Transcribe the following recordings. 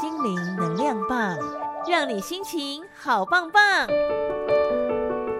心靈能量棒，讓你心情好棒棒。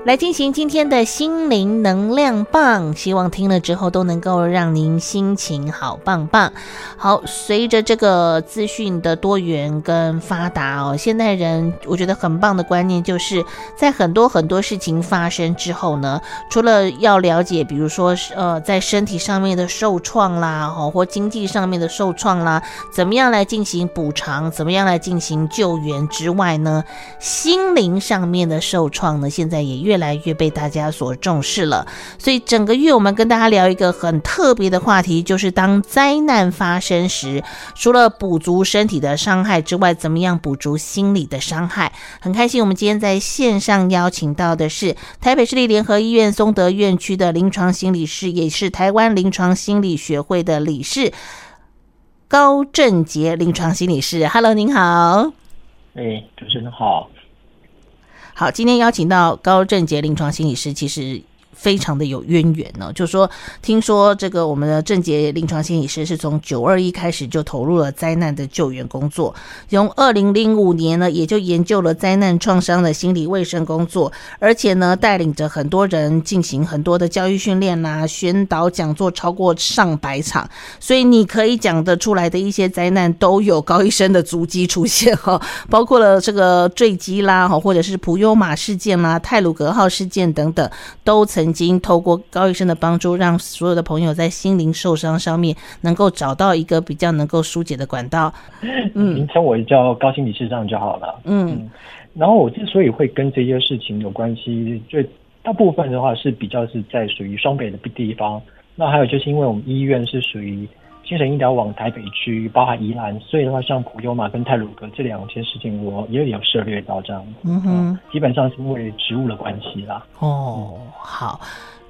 來進行今天的心靈能量棒，希望聽了之後都能夠讓您心情好棒棒。好，隨着這個資訊的多元跟發達哦，現代人我覺得很棒的觀念就是在很多很多事情發生之後呢，除了要了解，比如說呃，在身體上面的受創啦，哦，或經濟上面的受創啦，怎麼樣來進行補償，怎麼樣來進行救援之外呢，心靈上面的受創呢，現在也越越來越被大家所重視了，所以整個月我們跟大家聊一個很特別的話題，就是當災難發生時，除了補足身體的傷害之外，怎麼樣補足心理的傷害？很開心，我們今天在線上邀請到的是台北市立聯合醫院松德院區的臨床心理師，也是台灣臨床心理學會的理事高振傑臨床心理師。Hello，您好。誒、欸，主持人好。好，今天邀請到高振傑臨床心理師，其實，非常的有淵源呢、哦，就是說，聽說這個我們的振傑臨床心理師是從九二一開始就投入了災難的救援工作，從二零零五年呢，也就研究了災難創傷的心理衛生工作，而且呢，帶領着很多人進行很多的教育訓練啦、宣導講座超過上百場，所以你可以講得出來的一些災難都有高醫生的足跡出現哦，包括了這個墜機啦或者是普悠瑪事件啦、太魯閣號事件等等，都曾。曾經透過高醫生的幫助，讓所有的朋友在心靈受傷上面能夠找到一個比較能夠疏解的管道。嗯,您稱我叫高心理師上就好了嗯。嗯,然後我之所以會跟這些事情有關係，就大部分的話是比較是在屬於雙北的地方。那還有就是因為我們醫院是屬於。精神醫療往台北區，包含宜蘭，所以的話，像普悠瑪跟太魯閣這兩件事情，我也有涉獵到這樣。嗯哼嗯，基本上是因為職務的關係啦。哦、嗯，好，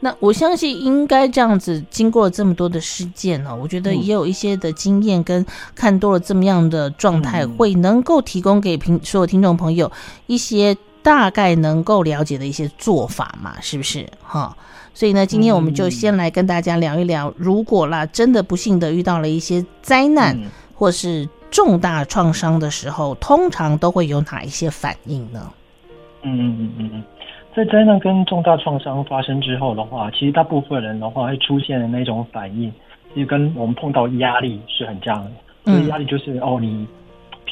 那我相信應該這樣子，經過了這麼多的事件呢、哦，我覺得也有一些的經驗跟看多了這麼樣的狀態、嗯，會能夠提供給平所有聽眾朋友一些大概能夠了解的一些做法嘛，是不是哈？哦所以呢，今天我們就先來跟大家聊一聊，嗯、如果啦真的不幸的遇到了一些災難、嗯、或是重大創傷的時候，通常都會有哪一些反應呢？嗯嗯嗯嗯嗯，在災難跟重大創傷發生之後的話，其實大部分人的話會出現的那種反應，其實跟我們碰到壓力是很像的。嗯，壓力就是哦你。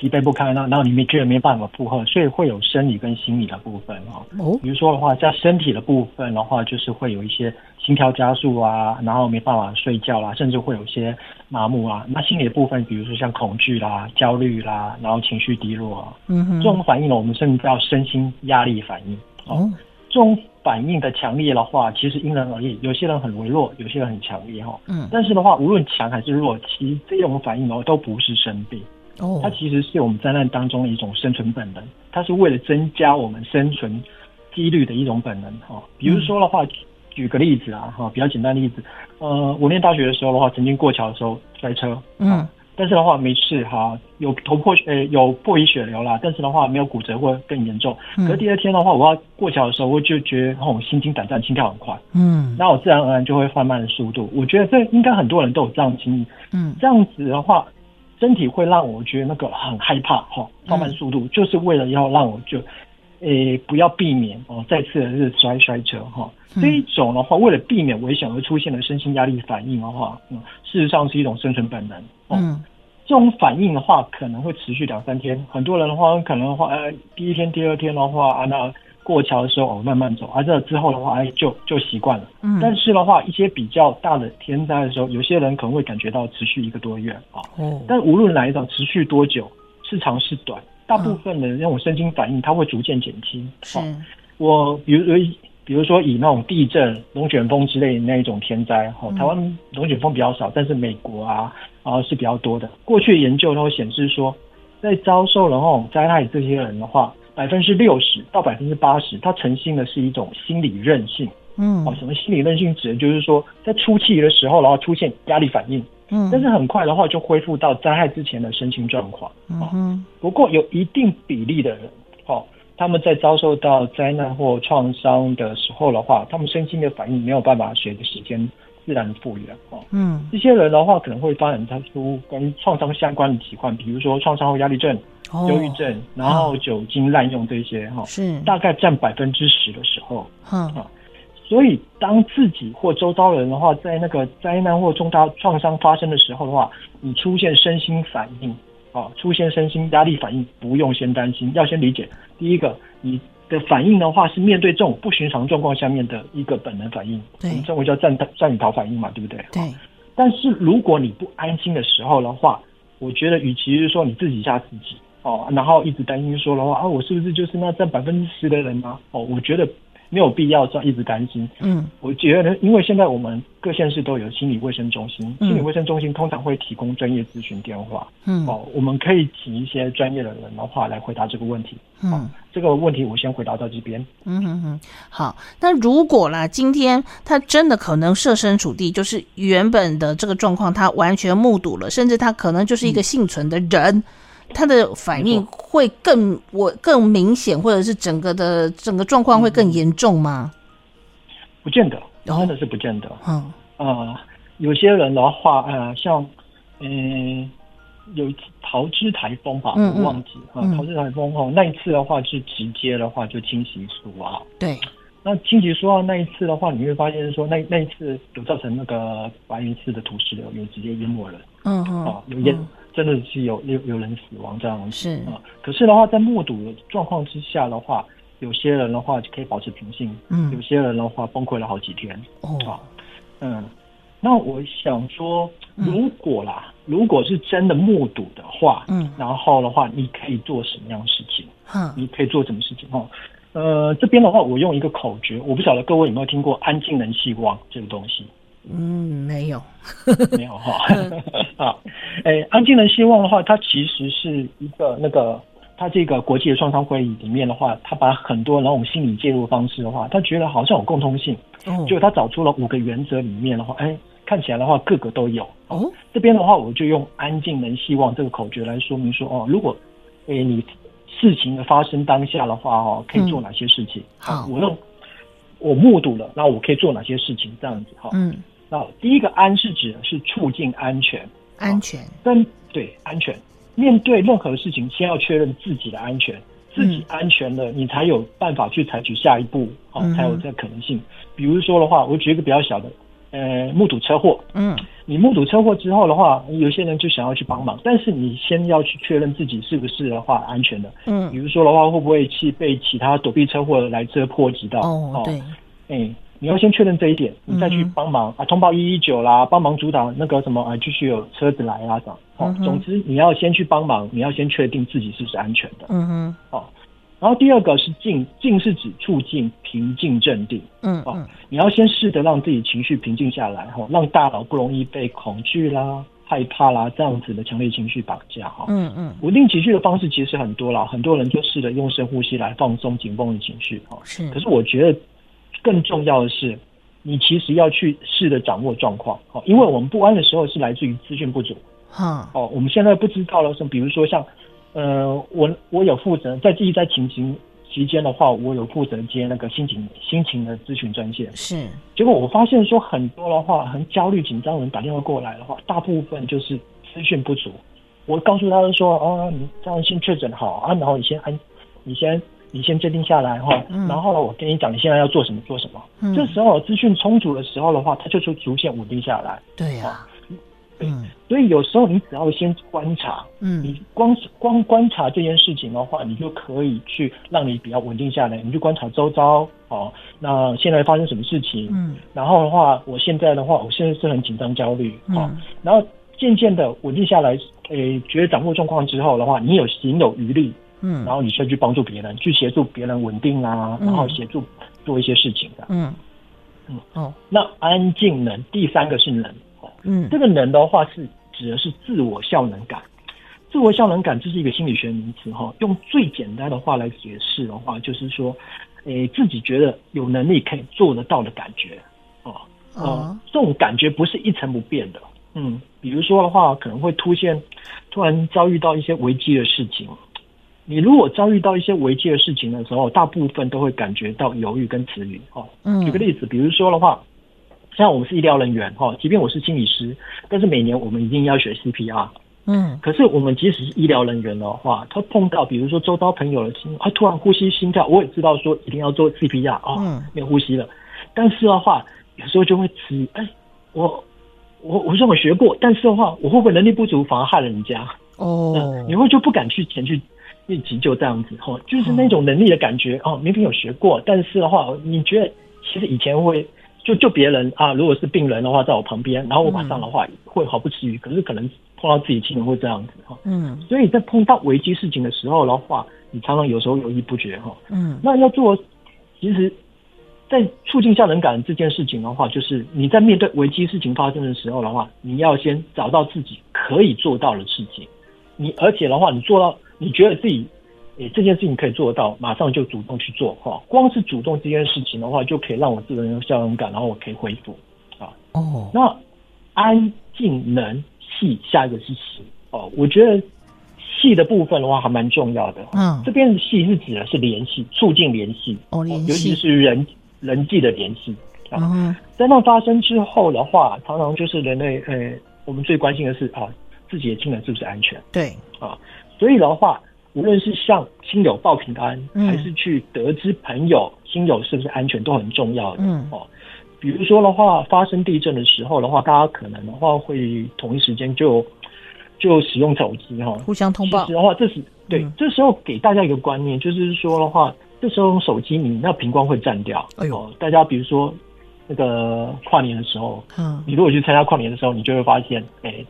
疲憊不堪，那那裡面居然後，你覺得沒辦法負荷，所以會有生理跟心理的部分哦。比如說的話，在身體的部分的話，就是會有一些心跳加速啊，然後沒辦法睡覺啦、啊，甚至會有一些麻木啊。那心理的部分，比如說像恐懼啦、焦慮啦，然後情緒低落啊。嗯哼。這種反應呢，我們甚至叫身心壓力反應。哦。這種反應的強烈的話，其實因人而異，有些人很微弱，有些人很強烈哈。嗯。但是的話，無論強還是弱，其實這種反應的話都不是生病。Oh, 它其實是我們災難當中的一種生存本能，它是為了增加我們生存幾率的一種本能哈、哦。比如說的話，嗯、舉個例子啊哈、哦，比較簡單的例子，呃，我念大學的時候的話，曾經過橋的時候摔車、哦，嗯，但是的話沒事哈、啊，有頭破血有破皮血流啦，但是的話沒有骨折或更嚴重、嗯。可是第二天的話，我要過橋的時候，我就覺得、哦、我心驚膽戰，心跳很快，嗯，那我自然而然就會放慢速度。我覺得這應該很多人都有這樣的經歷，嗯，這樣子的話。身體會讓我覺得那個很害怕哈，放慢速度，嗯、就是為了要讓我就誒、欸、不要避免哦再次的是摔摔車哈、哦、嗯，這一種的話為了避免危險而出現的身心壓力反應的話，嗯，事實上是一種生存本能。哦、嗯，這種反應的話可能會持續兩三天，很多人的話可能的話，呃、第一天、第二天的話啊那。過橋的時候哦，慢慢走。而、啊、這之後的話，哎，就就習慣了。嗯。但是的話，一些比較大的天災的時候，有些人可能會感覺到持續一個多月啊。哦。嗯、但無論哪一種持續多久，是長是短，大部分的那種身心反應，它會逐漸減輕。嗯、哦、我比如，比如說以那種地震、龍捲風之類的那一種天災，哈、哦，台灣龍捲風比較少、嗯，但是美國啊啊是比較多的。過去的研究都會顯示說，在遭受了那種災害，這些人的話。百分之六十到百分之八十，它呈現的是一種心理韌性。嗯，啊、哦，什麼心理韌性？指的就是說，在初期的時候，然後出現壓力反應。嗯，但是很快的話就恢復到災害之前的身心狀況。嗯、哦、不過有一定比例的人，哦，他們在遭受到災難或創傷的時候的話，他們身心的反應沒有辦法隨着時間。自然的復原、哦、嗯，這些人的話可能會發展他出跟創傷相關的疾患，比如說創傷後壓力症、憂、哦、鬱症，然後酒精濫用這些哈、哦，是大概佔百分之十的時候、嗯啊，所以當自己或周遭的人的話，在那個災難或重大創傷發生的時候的話，你出現身心反應、啊、出現身心壓力反應，不用先擔心，要先理解，第一個你。的反應的話，是面對這種不尋常狀況下面的一個本能反應，對我們稱為叫戰“戰戰與逃”反應嘛，對不對？對。但是如果你不安心的時候的話，我覺得與其是說你自己嚇自己哦，然後一直擔心說的話啊，我是不是就是那佔百分之十的人呢？哦，我覺得。沒有必要這樣一直擔心。嗯，我覺得，因為現在我們各縣市都有心理衛生中心，嗯，心理衛生中心通常會提供專業諮詢電話。嗯，哦，我們可以請一些專業的人的話來回答這個問題。嗯，哦，這個問題我先回答到這邊。嗯嗯嗯，好。那如果啦，今天他真的可能設身處地，就是原本的這個狀況，他完全目睹了，甚至他可能就是一個倖存的人。嗯他的反應會更我更明顯，或者是整個的整個狀況會更嚴重嗎？不見得，真的是不見得。哦、嗯啊、呃，有些人的話，呃，像嗯、呃、有桃芝台風吧，我忘記桃、嗯嗯呃、芝台風哦、呃，那一次的話是直接的話就清洗樹啊。對，那清洗樹啊，那一次的話你會發現說，那，那那一次有造成那個白雲寺的土石流，有直接淹沒了。嗯嗯，啊、呃，有淹。嗯真的是有有有人死亡這樣子是啊、呃，可是的話，在目睹的狀況之下的話，有些人的話就可以保持平靜，嗯，有些人的話崩潰了好幾天，哦，啊、嗯，那我想說，如果啦、嗯，如果是真的目睹的話，嗯，然後的話，你可以做什麼樣的事情？嗯，你可以做什麼事情？哦、啊，呃，這邊的話，我用一個口訣，我不曉得各位有沒有聽過“安靜能繫望”這個東西。嗯，沒有， 沒有哈，哎、哦 欸，安靜能希望的話，它其實是一個那個，它這個國際的創傷會議裡面的話，它把很多那種心理介入的方式的話，它覺得好像有共通性，就、嗯、就它找出了五個原則裡面的話，哎、欸，看起來的話，個個都有，哦，哦，這邊的話，我就用安靜能希望這個口訣來說明說，哦，如果，哎、欸，你事情的發生當下的話，哦，可以做哪些事情？嗯哦、好，我用我目睹了，那我可以做哪些事情？這樣子哈、哦，嗯。哦、第一個安是指的是促進安全，哦，安全。跟對安全，面對任何事情，先要確認自己的安全，嗯、自己安全了，你才有辦法去採取下一步，哦，嗯、才有這個可能性。比如說的話，我舉一個比較小的，呃，目睹車禍。嗯，你目睹車禍之後的話，有些人就想要去幫忙，但是你先要去確認自己是不是的話安全的。嗯，比如說的話，會不會去被其他躲避車禍的來車波及到？哦，對，哦，嗯你要先確認這一點，你再去幫忙啊，通報一一九啦，幫忙阻擋那個什麼啊，繼續有車子來啊，這樣、啊、好？總之你要先去幫忙，你要先確定自己是不是安全的。嗯嗯。好，然後第二個是靜，靜是指促進平靜鎮定。嗯、啊、嗯。你要先試着讓自己情緒平靜下來，哈、啊，讓大腦不容易被恐懼啦、害怕啦這樣子的強烈情緒綁架。哈嗯嗯。穩定情緒的方式其實很多啦，很多人就試着用深呼吸來放鬆緊繃的情緒。哈、啊、是。可是我覺得。更重要的是，你其實要去試着掌握狀況哦，因為我們不安的時候是來自於資訊不足。哈，哦，我們現在不知道了，像比如說像，呃，我我有負責在自己在疫情期間的話，我有負責接那個心情心情的諮詢專線。是。結果我發現說很多的話，很焦慮緊張的人打電話過來的話，大部分就是資訊不足。我告訴他們說，啊，你這樣先確診好啊，然後你先安，你先。你先鎮定下來哈、嗯，然後我跟你講，你現在要做什麼做什麼、嗯。這時候資訊充足的時候的話，它就會逐漸穩定下來。對呀、啊啊，嗯，所以有時候你只要先觀察，嗯，你光光觀察這件事情的話，你就可以去讓你比較穩定下來。你去觀察周遭，哦、啊，那現在發生什麼事情？嗯，然後的話，我現在的話，我現在是很緊張焦慮，啊、嗯、然後漸漸的穩定下來，誒、哎，覺得掌握狀況之後的話，你有心有餘力。嗯，然後你需要去幫助別人，去協助別人穩定啊，嗯、然後協助做一些事情的、啊。嗯嗯哦。那安靜能第三個是能、哦，嗯，這個能的話是指的是自我效能感，自我效能感這是一個心理學名詞哈、哦。用最簡單的話來解釋的話，就是說，誒、呃，自己覺得有能力可以做得到的感覺，哦，啊、哦呃，這種感覺不是一成不變的，嗯，比如說的話，可能會出現，突然遭遇到一些危機的事情。你如果遭遇到一些危機的事情的時候，大部分都會感覺到猶豫跟遲疑。哦。舉個例子，比如說的話，像我們是醫療人員，哈、哦，即便我是心理師，但是每年我們一定要學 CPR。嗯。可是我們即使是醫療人員的話，他碰到比如說周遭朋友的心，他突然呼吸心跳，我也知道說一定要做 CPR 啊、哦嗯，沒有呼吸了。但是的話，有時候就會遲疑，哎，我我我雖然我學過，但是的話，我會不會能力不足，反而害了人家？哦、嗯。你會就不敢去前去。一直就這樣子哈，就是那種能力的感覺哦。明明有學過，但是的話，你覺得其實以前會就救別人啊，如果是病人的話，在我旁邊，然後我馬上的話會毫不遲疑。可是可能碰到自己親人會這樣子哈。嗯，所以在碰到危機事情的時候的話，你常常有時候猶豫不決哈。嗯，那要做，其實，在促進效能感這件事情的話，就是你在面對危機事情發生的時候的話，你要先找到自己可以做到的事情。你而且的話，你做到。你覺得自己、欸、這件事情可以做到，馬上就主動去做哈、哦。光是主動這件事情的話，就可以讓我自己有效能感，然後我可以恢復啊。哦、oh.，那安靜、能、繫，下一個是繫哦。我覺得繫的部分的話，還蠻重要的。嗯、oh.，這邊的繫是指的是聯繫、促進聯繫，oh, 聯繫尤其是人人際的聯繫。啊，災、oh. 難發生之後的話，常常就是人類誒、呃，我們最關心的是啊，自己的親人是不是安全？對、oh. 啊。所以的話，無論是向親友報平安，還是去得知朋友、親友是不是安全，都很重要的、嗯、哦。比如說的話，發生地震的時候的話，大家可能的話會同一時間就就使用手機哈、哦，互相通報。其實的話，這對、嗯、這時候給大家一個觀念，就是說的話，這時候手機你那屏光會佔掉。哎、哦、呦，大家比如說那個跨年的時候，嗯，你如果去參加跨年的時候，你就會發現，哎、欸。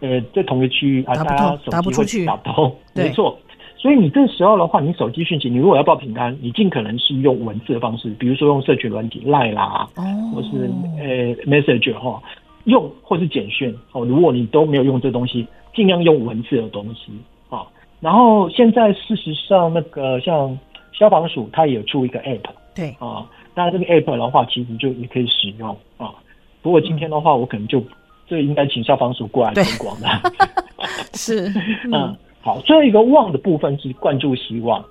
呃，在同一個區域啊，大家手機會打不出去，打不通，沒錯。所以你這時候的話，你手機訊息，你如果要報平安，你盡可能是用文字的方式，比如說用社群軟體 Line 啦，哦、或是呃 Message 哈，用或是簡訊哦。如果你都沒有用這東西，尽量用文字的東西啊、哦。然後現在事實上，那個像消防署它也有出一個 App，對啊，那、哦、這個 App 的話，其實就你可以使用啊、哦。不過今天的話，我可能就、嗯。所以應該請消防署過來推廣的。是，嗯,嗯，好，最後一個望的部分是灌注希望。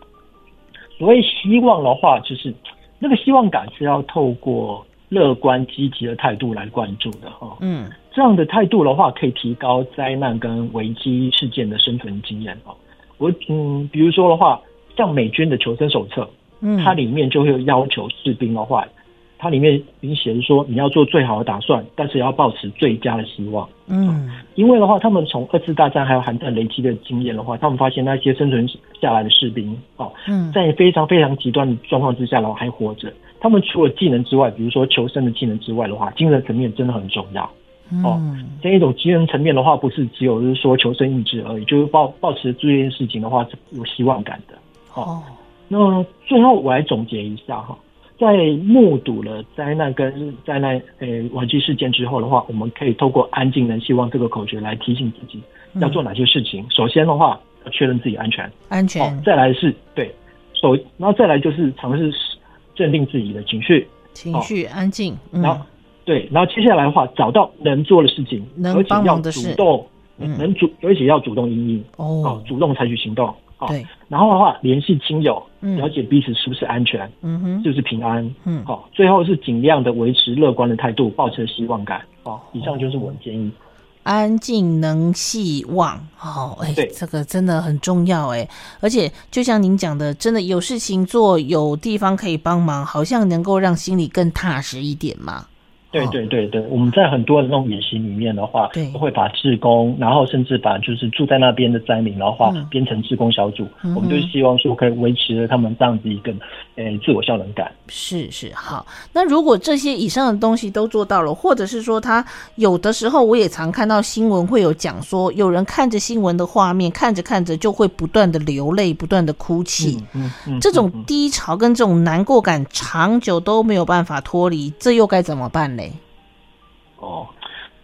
所謂希望的話，就是那個希望感是要透過樂觀積極的態度來灌注的哈。嗯，這樣的態度的話，可以提高災難跟危機事件的生存經驗哦。我嗯，比如說的話，像美軍的求生手冊，嗯，它裡面就會要求士兵的話。它裡面已經寫的說，你要做最好的打算，但是要抱持最佳的希望。嗯，嗯，因為的話，他們從二次大戰還有寒戰雷擊的經驗的話，他們發現那些生存下來的士兵哦，在非常非常極端的狀況之下，然後還活着。他們除了技能之外，比如說求生的技能之外的話，精神層面真的很重要。哦，這一種精神層面的話，不是只有就是說求生意志而已，就是抱抱持做一件事情的話，是有希望感的哦。哦，那最後我來總結一下哈。在目睹了災難跟災難誒，危機事件之後的話，我們可以透過“安靜能希望”這個口訣來提醒自己要做哪些事情、嗯。首先的話，要確認自己安全，安全。哦、再來是，對，首，然後再來就是嘗試鎮定自己的情緒，情緒安靜。哦嗯、然後對，然後接下來的話，找到能做的事情，能幫忙的，主動，能、嗯、主，而且要主動因應哦，哦，主動採取行動。對，然後的話，聯繫親友，了解彼此是不是安全，嗯哼，是不是平安，嗯，好、嗯，最後是盡量的維持樂觀的態度，抱持希望感、哦，以上就是我的建議。安靜能希望，好、哦，哎、欸，這個真的很重要、欸，哎，而且就像您講的，真的有事情做，有地方可以幫忙，好像能夠讓心裡更踏實一點嘛。對對對對，我們在很多的那種演習裡面的話，對，會把志工，然後甚至把就是住在那邊的災民的話編成志工小組，嗯、我們就希望說可以維持了他們這樣子一個呃自我效能感。是是好，那如果這些以上的東西都做到了，或者是說他有的時候，我也常看到新聞會有講說，有人看着新聞的畫面，看着看着就會不斷的流淚，不斷的哭泣、嗯嗯，這種低潮跟這種難過感長久都沒有辦法脫離，這又該怎麼辦呢？哦，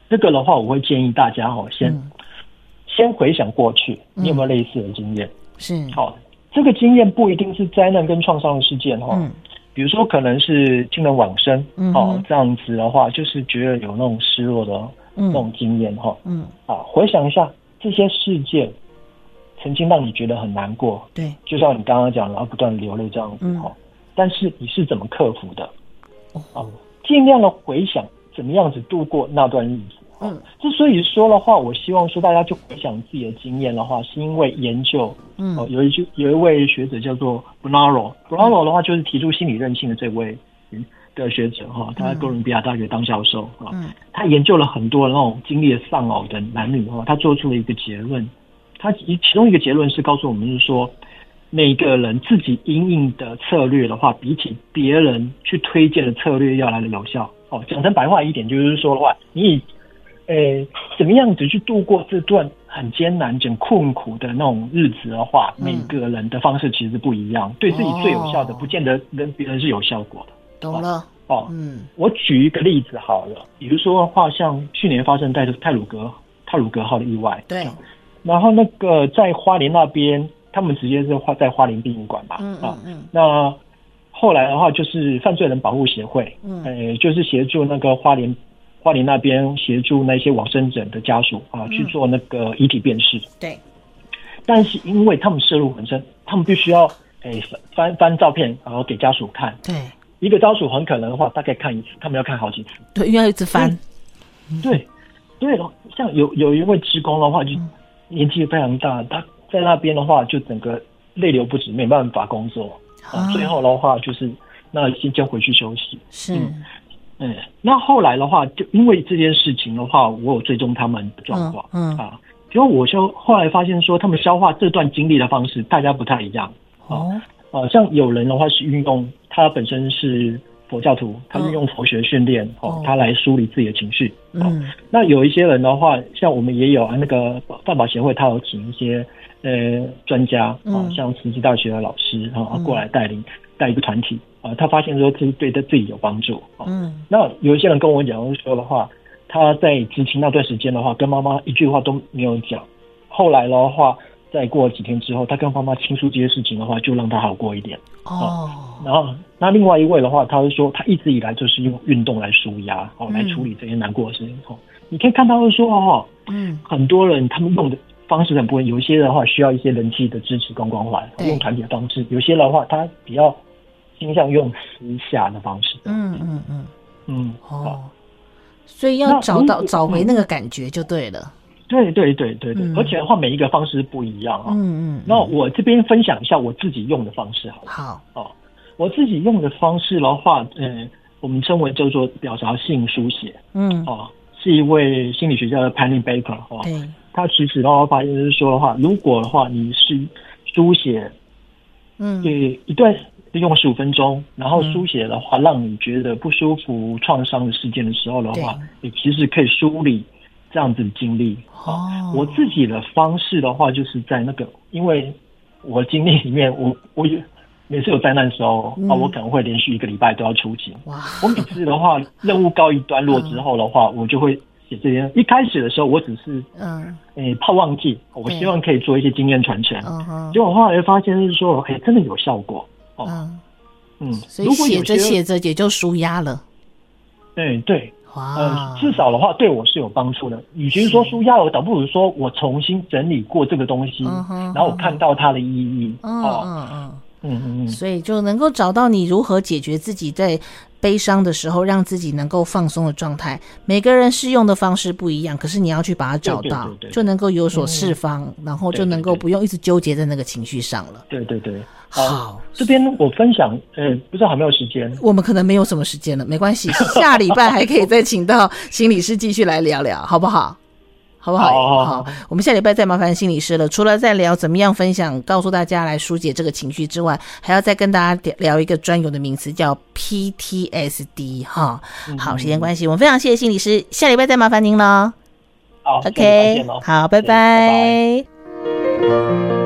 這個的話，我會建議大家哈、哦，先、嗯、先回想過去，你有沒有類似的經驗、嗯？是，好、哦，這個經驗不一定是災難跟創傷的事件哈、哦嗯，比如說可能是聽了往生、嗯，哦，這樣子的話，就是覺得有那種失落的、嗯、那種經驗哈、哦，嗯，啊，回想一下這些事件，曾經讓你覺得很難過，對，就像你剛剛講的，然後不斷流淚這樣子哈、嗯哦，但是你是怎麼克服的？哦，盡量的回想。怎麼樣子度過那段日子？嗯，之所以說的話，我希望說大家就回想自己的經驗的話，是因為研究，嗯，呃、有一句有一位學者叫做 Bonanno Bonanno、嗯、的話，就是提出心理韌性的這位的學者哈、哦，他在哥倫比亞大學當教授、嗯、啊、嗯，他研究了很多那種經歷了喪偶的男女哈、哦，他做出了一個結論，他其中一個結論是告訴我們是說，每個人自己因應的策略的話，比起別人去推薦的策略要來的有效。哦，講成白話一點就是說的話，你，以、欸、呃，怎麼樣子去度過這段很艱難、很困苦的那種日子的話，嗯、每個人的方式其實不一樣，嗯、對自己最有效的，哦、不見得跟別人是有效果的。懂了、啊？哦，嗯。我舉一個例子好了，比如說的話，像去年發生在太魯閣、太魯閣號的意外。對。啊、然後那個在花蓮那邊，他們直接是花在花蓮殯儀館吧？嗯嗯,嗯、啊。那。後來的話就是犯罪人保護協會，嗯，哎、呃、就是協助那個花蓮，花蓮那邊協助那些往生者的家屬啊、呃嗯，去做那個遺體辨識。對。但是因為他們涉入很深，他們必須要哎、呃、翻翻照片，然後給家屬看。對。一個家屬很可能的話，大概看一次，他們要看好幾次。對，因為要一直翻。嗯、對。對，像有有一位職工的話，就年紀非常大，嗯、他在那邊的話，就整個淚流不止，沒辦法工作。啊，最後的話就是，那先回去休息。是嗯，嗯，那後來的話，就因為這件事情的話，我有追蹤他們狀況。嗯，嗯啊，因為我就後來發現說，他們消化這段經歷的方式，大家不太一樣。啊、哦、啊，像有人的話是運動，他本身是佛教徒，他運用佛學訓練哦，哦，他來梳理自己的情緒、啊。嗯，那有一些人的話，像我們也有那個犯保協會，他有請一些。呃、欸，專家、嗯、啊，像慈濟大學的老師啊，過來帶領帶、嗯、一個團體啊，他發現說這是對他自己有幫助啊。嗯。那有一些人跟我講說的話，他在執勤那段時間的話，跟媽媽一句話都沒有講。後來的話，再過了幾天之後，他跟媽媽傾訴這些事情的話，就讓他好過一點。啊、哦。然後，那另外一位的話，他會說他一直以來就是用運動來舒壓，哦、啊，來處理這些難過的事情。哦、嗯。你可以看他會說哦，嗯，很多人他們弄的。方式很不一，有些的話需要一些人際的支持跟關懷，用團體的方式；有些的話，他比較傾向用私下的方式。嗯嗯嗯嗯哦，所以要找到找回那個感覺就對了。嗯、對對對對對，嗯、而且的話，每一個方式不一樣啊。嗯嗯。那我這邊分享一下我自己用的方式好了，好。好哦，我自己用的方式的話，嗯，我們稱為叫做表達性書寫。嗯。哦，是一位心理學家的 Penny Baker 哦。對。他其實讓我發現，就是說的話，如果的話，你是書寫，嗯，對，一段用十五分鐘，然後書寫的話，嗯，讓你覺得不舒服、創傷的事件的時候的話，你其實可以梳理這樣子的經歷。哦，我自己的方式的話，就是在那個，因為我經歷裡面，我我有每次有災難的時候、嗯、啊，我可能會連續一個禮拜都要出警。哇，我每次的話， 任務告一段落之後的話，嗯、我就會。這邊一開始的時候，我只是嗯，哎、欸，怕忘記，我希望可以做一些經驗傳承。結果後來發現，就是說，哎、欸，真的有效果哦、嗯。嗯，所以寫着寫着也就舒壓了。哎，對、呃，至少的話對我是有幫助的。與其說舒壓了，我倒不如說我重新整理過這個東西，嗯、然後我看到它的意義。哦嗯嗯嗯嗯，所以就能夠找到你如何解決自己在悲傷的時候，讓自己能夠放鬆的狀態。每個人適用的方式不一樣，可是你要去把它找到，對對對對，就能夠有所釋放，嗯，然後就能夠不用一直糾結在那個情緒上了。對對對，對，好，這邊我分享，呃，嗯，不知道還有沒有時間？我們可能沒有什麼時間了，沒關係，下禮拜還可以再請到心理師繼續來聊聊，好不好？好不好，欸 oh, 好？好，我們下禮拜再麻煩心理師了。除了再聊怎麼樣分享，告訴大家來疏解這個情緒之外，還要再跟大家聊一個專有的名詞，叫 PTSD 哈、嗯。好，時間關係，我們非常謝謝心理師，下禮拜再麻煩您咯。好，OK，好，拜拜。Okay, bye bye